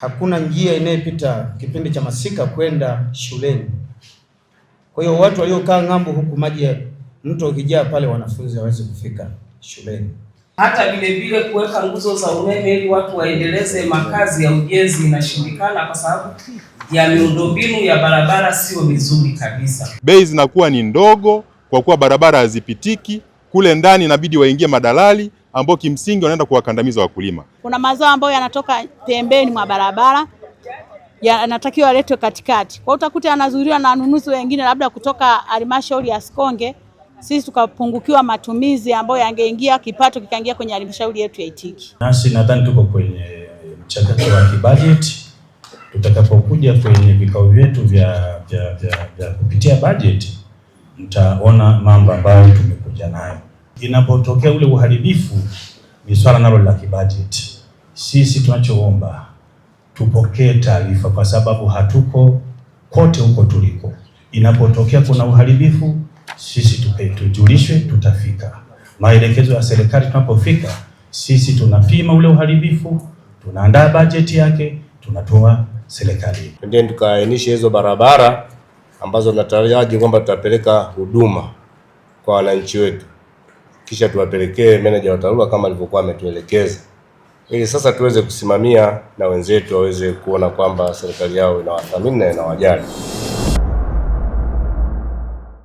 Hakuna njia inayopita kipindi cha masika kwenda shuleni. Kwa hiyo watu waliokaa ng'ambo huku maji ya mto ukijaa pale, wanafunzi hawawezi kufika shuleni. Hata vile vile kuweka nguzo za umeme ili watu waendeleze makazi ya ujenzi inashindikana, kwa sababu ya miundombinu ya barabara sio mizuri kabisa. Bei zinakuwa ni ndogo kwa kuwa barabara hazipitiki, kule ndani inabidi waingie madalali ambao kimsingi wanaenda kuwakandamiza wakulima. Kuna mazao ambayo yanatoka pembeni mwa barabara yanatakiwa yaletwe katikati, kwa utakuta yanazuiliwa na wanunuzi wengine labda kutoka halmashauri ya Sikonge, sisi tukapungukiwa matumizi ambayo yangeingia, kipato kikaingia kwenye halmashauri yetu ya Itigi. Nasi nadhani tuko kwenye mchakato wa kibajeti tutakapokuja kwenye vikao vyetu vya vya vya kupitia bajeti, mtaona mambo ambayo tumekuja nayo inapotokea ule uharibifu ni swala nalo la kibajeti. Sisi tunachoomba tupokee taarifa, kwa sababu hatuko kote huko tuliko. Inapotokea kuna uharibifu, sisi tupe, tujulishwe, tutafika. Maelekezo ya serikali tunapofika, sisi tunapima ule uharibifu, tunaandaa bajeti yake, tunatoa serikali, ndio tukaainishe hizo barabara ambazo nataraji kwamba tutapeleka huduma kwa wananchi wetu kisha tuwapelekee meneja wa TARURA kama alivyokuwa ametuelekeza, ili sasa tuweze kusimamia na wenzetu waweze kuona kwamba serikali yao inawathamini na inawajali.